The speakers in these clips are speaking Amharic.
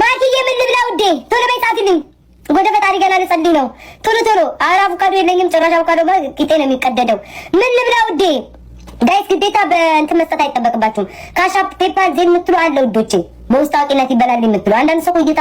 ማርክዬ ምን ልብላ ውዴ? ቶሎ በይ ጻፊልኝ። ወደ ፈጣሪ ገና ልጸልይ ነው። ቶሎ ቶሎ። ኧረ አቮካዶ የለኝም ጭራሽ። አቮካዶ ቂጤ ነው የሚቀደደው። ምን ልብላ ውዴ? ጋይስ ግዴታ በእንትን መስጠት አይጠበቅባችሁም። ካሻፕ ፔፓል ዜን የምትሉ አለ ውዶቼ፣ በውስጥ አዋቂነት ይበላል የምትሉ አንዳንድ ሰው እይታ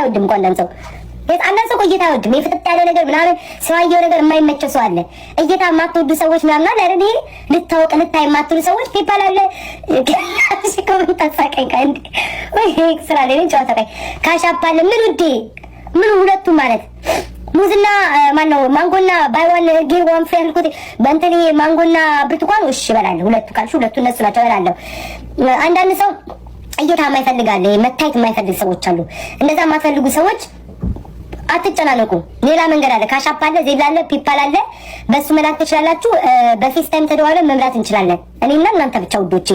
አይወድም እኮ አንዳንድ ሰው በጣም አንዳንድ ሰው እይታ አይወድም። የፍጥጥ ያለ ነገር ምናምን ሰውየው ነገር የማይመቸው ሰው አለ። እይታ የማትወዱ ሰዎች ምናምን አለ አይደል? ልታወቅ ልታይ የማትወዱ ሰዎች ፔፓል አለ። እሺ ኮሜንት አሳቀኝ። ካንዲ ወይ ስራ ለኔ ጨዋታ ላይ ካሻፕ ምን ውዴ ምን ሁለቱ ማለት ሙዝና ማነው ነው? ማንጎና ባይዋን ጌት ዋን ፍሪ አልኩት። በእንትን ማንጎና ብርቱካን እሺ እበላለሁ። ሁለቱ ካልሽ ሁለቱ እነሱ ናቸው እበላለሁ። አንዳንድ ሰው እይታ የማይፈልግ አለ። መታየት የማይፈልግ ሰዎች አሉ። እንደዛ የማትፈልጉ ሰዎች አትጨናነቁ። ሌላ መንገድ አለ። ካሻፕ አለ፣ ዜብላ አለ፣ ፒፓል አለ። በሱ መላክ ትችላላችሁ። በፌስ ታይም ተደዋውለን መምራት እንችላለን። እኔና እናንተ ብቻ ውዶቼ፣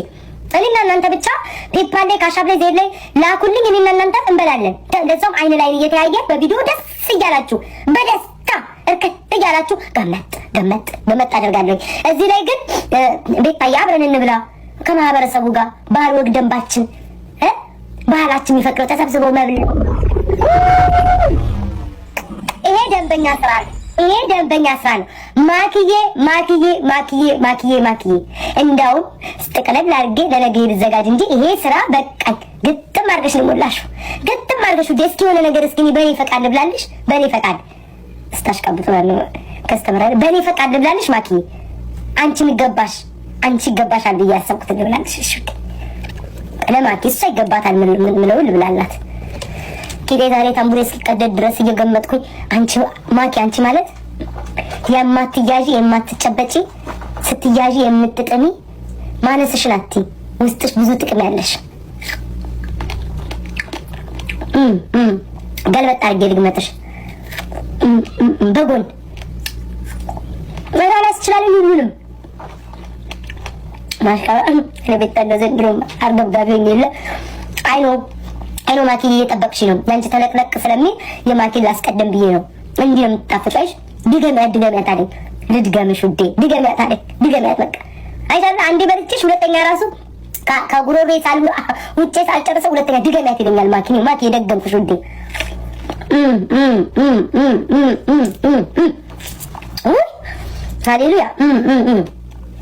እኔና እናንተ ብቻ ፒፓል ላይ ካሻፕ ላይ ዜብ ላይ ላኩልኝ። እኔና እናንተ እንበላለን። ለዛውም አይን ላይ እየተያየ በቪዲዮ ደስ እያላችሁ በደስታ እርከት እያላችሁ ገመጥ ገመጥ ገመጥ አደርጋለሁ። እዚህ ላይ ግን ቤታዬ አብረን እንብላ ከማህበረሰቡ ጋር ባህል ወግ ደንባችን ባህላችን የሚፈቅደው ተሰብስበው መብል ደንበኛ ስራ ነው። ይሄ ደንበኛ ስራ ነው። ማክዬ ማክዬ ማክዬ ማክዬ ማክዬ እንደውም ስጠቅለል አድርጌ ለነገ ልዘጋጅ እንጂ ይሄ ስራ በቃኝ። ግጥም አድርገሽ ሞላሽ። ግጥም አድርገሽ ውዴ። እስኪ የሆነ ነገር እስኪ በኔ ፈቃድ ልብላልሽ፣ በኔ ፈቃድ ስታሽቀብጡ ነው ከስተመራሪ በኔ ፈቃድ ልብላልሽ። ማክዬ አንቺ የሚገባሽ አንቺ ይገባሻል ብዬ ያሰብኩት ልብላልሽ። እሺ ለማኪ እሷ ይገባታል ምለውን ልብላላት ኪዴታ ዛሬ ታምቡሬ እስኪቀደድ ድረስ እየገመጥኩኝ አንቺ ማኪ አንቺ ማለት የማትያዥ የማትጨበጪ ስትያዥ የምትጥሚ ማነስሽን አቲ ውስጥሽ ብዙ ጥቅም ያለሽ ገልበጥ አድርጌ ልግመጥሽ በጎን መራላ ስችላል ሁሉንም ማሽቃ ለቤታ ዘንድሮ አርገብጋቢ የለ አይ አይኖ ማኪን እየጠበቅሽ ነው። ለአንቺ ተለቅለቅ ስለሚል የማኪል ላስቀደም ብዬ ነው። እንዲህ ነው የምትጣፍጠሽ። ድገሚያት ድገሚያት አለኝ። ልድገምሽ ውዴ ድገሚያት አለኝ። ድገሚያት በቃ አይቻለ አንዴ በልቼሽ ሁለተኛ ራሱ ከጉሮሬ ሳል ውጭ ሳልጨርሰ ሁለተኛ ድገሚያት ይለኛል። ማኪኒ ማኪ የደገምኩሽ ውዴ ሃሌሉያ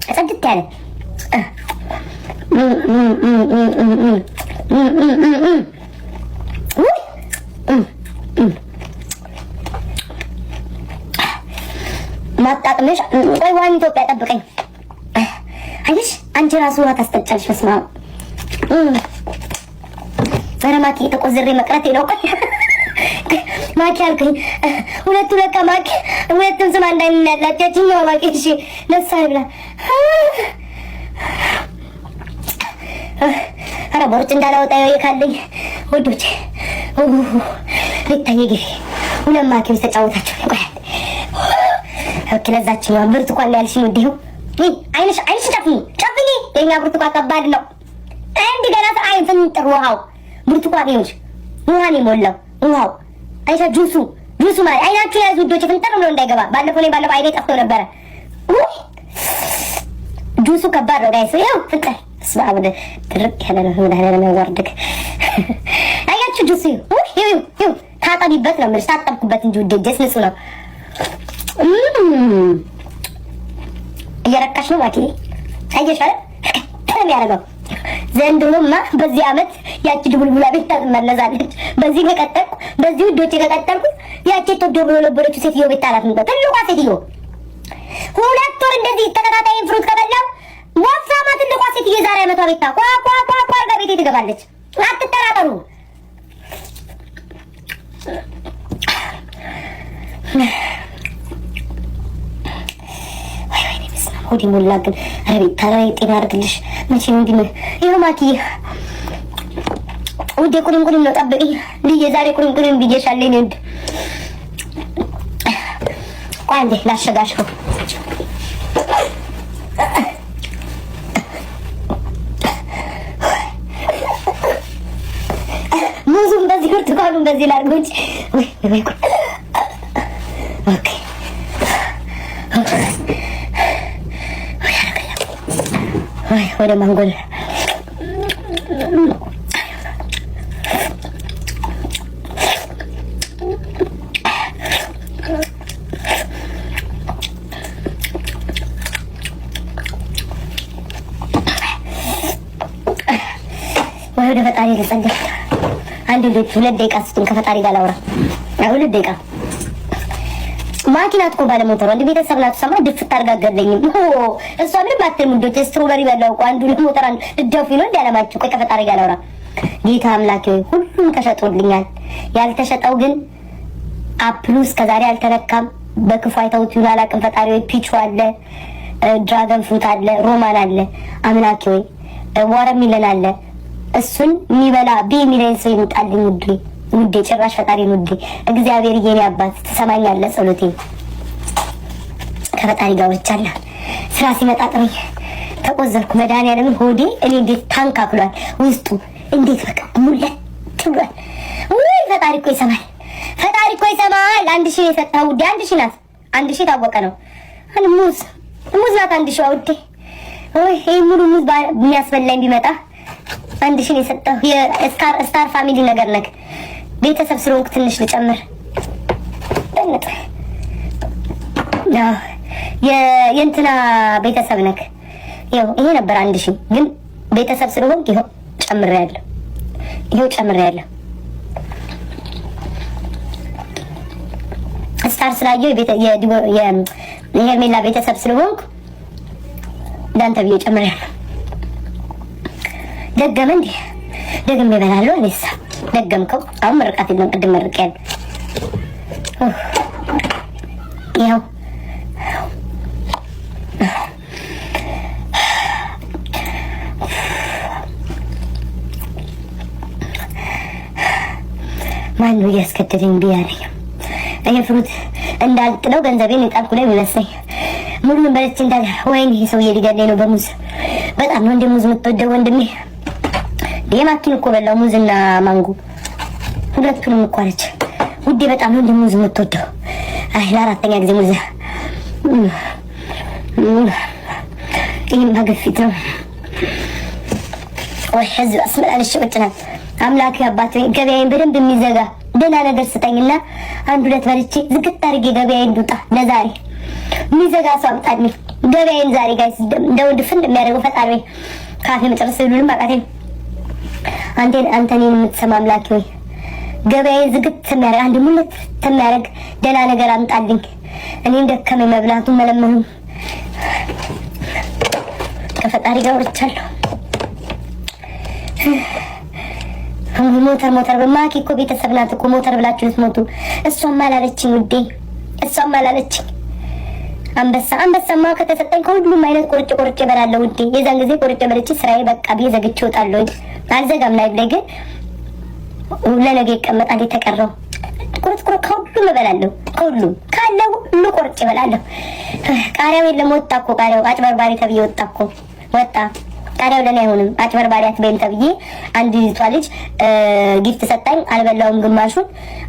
ያለ ማጣጥመሽ ቆይ፣ ዋን ኢትዮጵያ ጠብቀኝ። አየሽ አንቺ ራሱ ውሃ ታስጠጫለሽ። መስማ ኧረ ማኪ ተቆዝሬ መቅረት ነው። ማኪ አልኩኝ። ሁለቱ ለካ ማኪ ሁለቱም ስም አንድ ያላቸው። ያችኛዋ ማኪ እሺ ነሳ ብላ ኧረ ቦርጭ እንዳላወጣ ካለኝ ወዶቼ ይታየ ጊዜ ሁለት ማኪም ተጫወታቸው ቆያል ለዛችኛዋ ብርቱካን ነው ያልሽኝ። ወዲሁ አይንሽ አይንሽ ጨፍኝ ጨፍኝ። የኛ ብርቱካን ከባድ ነው። አንድ ገና አይ ፍንጥር ውሃው ብርቱካን ይሁንሽ። ውሃን የሞላው ውሃው አይሻ ጁሱ ጁሱ ማለት አይናችሁ ያዙ ውዶች፣ ፍንጥር ብሎ እንዳይገባ። ባለፈው ላይ ባለፈው አይኔ ጠፍቶ ነበረ። ጁሱ ከባድ ነው ጋይስ። ይኸው ፍንጥር ስባብ ድርቅ ያለ ነው ወርድክ ታውቃላችሁ? ጁስ ታጠቢበት ነው የምልሽ፣ ታጠብኩበት እንጂ ውዴ፣ ጀስ ንጹህ ነው። እየረካሽ ነው ባኪ አየሽ አይደል? ተም ያደረገው ዘንድሮማ በዚህ አመት ያቺ ድቡልቡላ ቤት ታመለሳለች። በዚህ ከቀጠልኩ በዚህ ውዶቼ ከቀጠልኩ ያቺ ተወዶ ብሎ ነበረችው ሴትዮ ቤት ታላት ነበር ትልቋ ሴትዮ ሁለት ወር እንደዚህ ተከታታይ ፍሩት ከበላው ሞት ሳማ ትልቋ ሴትዮ የዛሬ አመቷ ቤታ ኳ ጋር ቤት ትገባለች። አትጠራጠሩ። ሆድ ሞላ። ግን ረቢ ታላይ ጤና አድርግልሽ። መቼ ነው እንዲህ ይኸው ማኪዬ ውዴ ቁንም ቁንም ነው ጠብቂኝ ብዬ ዛሬ ቁንም ቁንም ብዬሻለኝ። እንድ ቆይ እንዴ ላሸጋሽው ሙዙም በዚህ ብርቱካኑም በዚህ ላድርገው ወይ ወይ ኦኬ ወደ ማንጎል ወይ ወደ ፈጣሪ ልጸልይ። አንድ ሁለት ደቂቃ ስትን ከፈጣሪ ጋር ላውራ ሁለት ደቂቃ ማኪናት እኮ ባለሞተሯ እንደ ቤተሰብ ናት። ሰማ ድፍት አድርጋ ገለኝም እሷ ምንም አትልም። እንዶች ስትሮበሪ በላው እኮ አንዱ ሞተራ ልደፉ እንዲ አለማቸው። ቆይ ከፈጣሪ ጋር ላውራ። ጌታ አምላኬ ሆይ ሁሉም ተሸጦልኛል። ያልተሸጠው ግን አፕሉ እስከዛሬ አልተነካም። በክፉ አይተውት ይሁን አላውቅም። ፈጣሪ ወይ ፒቹ አለ፣ ድራገን ፍሩት አለ፣ ሮማን አለ፣ አምላኬ ሆይ ወረሚለን አለ። እሱን የሚበላ ቤ የሚለኝ ሰው ይምጣልኝ ውድ ውዴ፣ ጭራሽ ፈጣሪን ውዴ፣ እግዚአብሔር የኔ አባት ትሰማኛለህ? ጸሎቴ ከፈጣሪ ጋር ወርቻለሁ። ስራ ሲመጣ ጥሩኝ፣ ተቆዘልኩ። መድኃኒዓለምን ሆዴ እኔ እንዴት ታንካክሏል! ውስጡ እንዴት በቃ ሙለት ብሏል። ወይ ፈጣሪ እኮ ይሰማል፣ ፈጣሪ እኮ ይሰማል። አንድ ሺህ የሰጠ ውዴ፣ አንድ ሺህ ናት፣ አንድ ሺህ ታወቀ ነው። ሙዝ ሙዝ ናት አንድ ሺህ ውዴ። ይህ ሙሉ ሙዝ የሚያስበላኝ ቢመጣ አንድ ሺህ የሰጠህ የስታር ፋሚሊ ነገር ነክ ቤተሰብ ስለሆንኩ ትንሽ ልጨምር። በእምጥ የእንትና ቤተሰብ ነክ ይኸው ይሄ ነበር አንድ ሺ ግን ቤተሰብ ስለሆንክ ይኸው ጨምሬያለሁ። ይኸው ያለ ስታር ስላየው የሄርሜላ ቤተሰብ ስለሆንኩ ለአንተ ብዬ ያለ ደገመ እንዲህ ደግሜ እበላለሁ እኔሳ ደገምከው። አሁን መርቃት የለም ቅድም መርቅ ያለ ማን ነው ያስከተለኝ? ቢያለኝ እኔ ፍሩት እንዳልጥለው ገንዘቤን የጣልኩ ላይ ይመስለኝ ሙሉን በለች እንዳለ ወይኔ ሰውዬ ሊገለኝ ነው በሙዝ በጣም ነው እንደ ሙዝ የምትወደው ወንድሜ የማኪን እኮ በላው ሙዝና ማንጎ ሁለቱንም እኮ አለች። ውዴ በጣም ነው ሙዝ የምትወደው። አይ ለአራተኛ ጊዜ ሙዝ። ይህማ ግፊት ነው ወይ ህዝብ አስመላለሽ ቁጭናል። አምላክ አባት ገበያዬን በደንብ የሚዘጋ ደህና ነገር ስጠኝና አንድ ሁለት በልቼ ዝግት አድርጌ ገበያዬን እንድውጣ ለዛሬ የሚዘጋ ሰው አምጣልኝ ገበያዬን ዛሬ እንደ ወንድ እንድፍን የሚያደርገው ፈጣሪ ካፌ መጨረስ ብሉንም አቃቴ አንዴን አንተኔን የምትሰማ አምላኬ ወይ ገበያዬ ዝግት ተሚያረግ አንድ ሙለት ተሚያረግ ደህና ነገር አምጣልኝ። እኔን ደከመኝ መብላቱ መለመኑ ከፈጣሪ ጋር ወርቻለሁ። ሞተር ሞተር በማኪ እኮ ቤተሰብ ናት እኮ ሞተር ብላችሁ ልትሞቱ። እሷም አላለችኝ ውዴ፣ እሷም አላለችኝ አንበሳ አንበሳማ ከተሰጠኝ ከሁሉም አይነት ቁርጭ ቁርጭ እበላለሁ ውዴ። የዛን ጊዜ ቁርጭ በልቼ ስራዬ በቃ ብዬ ዘግቼ እወጣለሁ። አልዘጋም ላይ ላይ ግን ለነገ ይቀመጣል የተቀረው ቁርጥ ቁርጥ ከሁሉም እበላለሁ። ከሁሉም ካለ ሁሉ ቁርጭ እበላለሁ። ቃሪያው የለም ወጣ እኮ ቃሪያው አጭበርባሪ ተብዬ ወጣ እኮ ወጣ ቃሪያው ለኔ አይሆንም። አጭበርባሪ አትበይም ተብዬ አንድ ይዟ ልጅ ጊፍት ሰጣኝ። አልበላውም፣ ግማሹን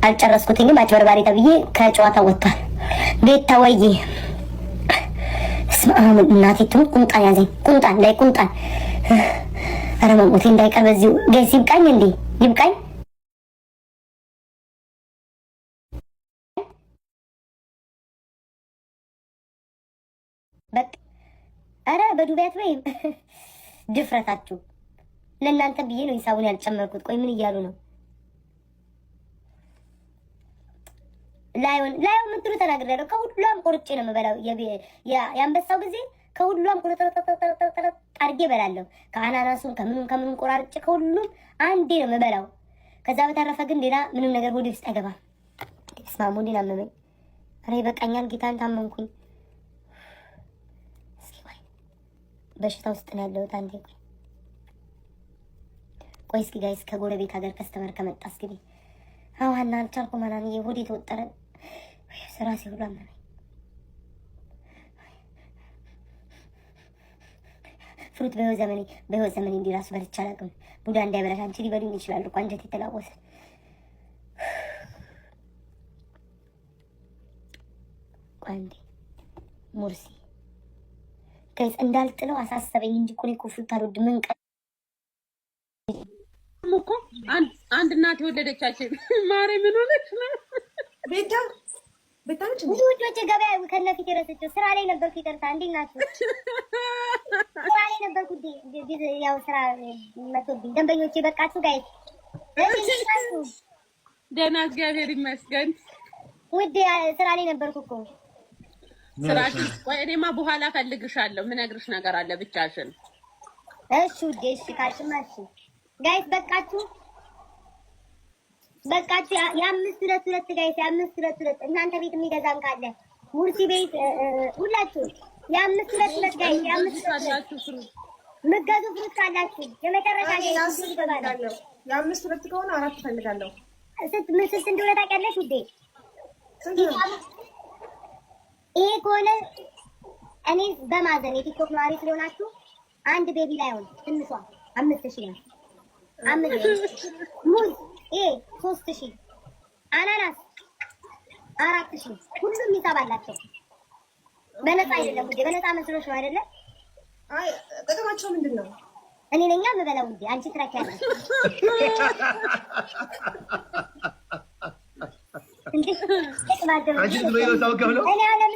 አልጨረስኩትኝም። አጭበርባሪ ተብዬ ከጨዋታ ወጥቷል። ቤት ወዬ በስመ አብ እናቴ ትሙት ቁምጣ ያዘኝ። ቁምጣ እንዳይ ቁምጣ ኧረ መሞቴ እንዳይቀር በዚሁ ገይስ ይብቃኝ፣ እንዴ ይብቃኝ። ኧረ በዱቢያት ወይም ድፍረታችሁ ለእናንተ ብዬ ነው ሂሳቡን ያልጨመርኩት። ቆይ ምን እያሉ ነው? ላዮን ላዮን ምትሉ ተናግሬያለሁ። ከሁሏም ቆርጬ ነው የምበላው። የአንበሳው ጊዜ ከሁሏም ቁርጠጠጠጠጠጠ አድርጌ እበላለሁ። ከአናናሱን ከምኑን ከምኑን ቆራርጬ ከሁሉም አንዴ ነው የምበላው። ከዛ በተረፈ ግን ሌላ ምንም ነገር ሆዴ ውስጥ አይገባም። ስማሙንዲን አመመኝ። ኧረ ይበቃኛል፣ ጌታን ታመምኩኝ። በሽታ ውስጥ ነው ያለሁት። አንዴ ቆይ ቆይ፣ እስኪ ጋይስ ከጎረቤት ሀገር ከስተመር ከመጣ እስኪ አዋና ሀና አልቻልኩም። ሆዴ ተወጠረ። ስራ ሲውላ ምን ፍሩት በህይወት ዘመኔ በህይወት ዘመኔ እንዲህ ራሱ በልቼ አላውቅም። ቡዳ እንዳይበላሽ አንቺ ሊበሉኝ ይችላሉ። ቋንጀት የተላወሰ ቋንዴ ሙርሲ ከይስ እንዳልጥለው አሳሰበኝ እንጂ እኮ እኔ እኮ ፍሩት አልወድም። ምን ቀን አንድ እናት የወለደቻችን ማሬ ምን ሆነች ነው ቤታ በጣም ብዙ ውጮች ገበያ ከነፊት የረሰችው ስራ ላይ ነበርኩ። ይቅርታ እንዴት ናችሁ? ስራ ላይ ነበርኩ። ያው ስራ መቶብኝ ደንበኞቼ በቃችሁ ጋይ ደህና እግዚአብሔር ይመስገን። ውድ ስራ ላይ ነበርኩ እኮ ስራ። ቆይ እኔማ በኋላ እፈልግሻለሁ። ምነግርሽ ነገር አለ ብቻሽን። እሺ ውዴ፣ እሺ ካልሽማ፣ እሺ ጋይስ በቃችሁ። በቃ የአምስት ሁለት ሁለት ጋይስ የአምስት ሁለት ሁለት እናንተ ቤት የሚገዛም ካለ ሙርሲ ቤት ሁላችሁ የአምስት ሁለት ሁለት ጋይስ የአምስት ሁለት ሁለት ምገዙ ፍሩት ካላችሁ የመጨረሻ የአምስት ሁለት ከሆነ አራት ፈልጋለሁ። ስት ምን ስት እንደሆነ ታውቂያለሽ ውዴ? ይሄ ከሆነ እኔ በማዘን የቲክቶክ ነዋሪ ስለሆናችሁ አንድ ቤቢ ላይ ሆን ትንሿ አምስት ሺ ነው አምስት ሙዝ አራት ሺህ አናናስ አራት ሺህ ሁሉም ሂሳብ አላቸው። በነፃ አይደለም ውዴ፣ በነፃ መስሎሽ ነው አይደለም? አይ ጥቅማቸው ምንድን ነው? እኔ ነኝ የምበላው ውዴ፣ አንቺ ትረካ እንዴ? ጥቅማቸው እኔ አለም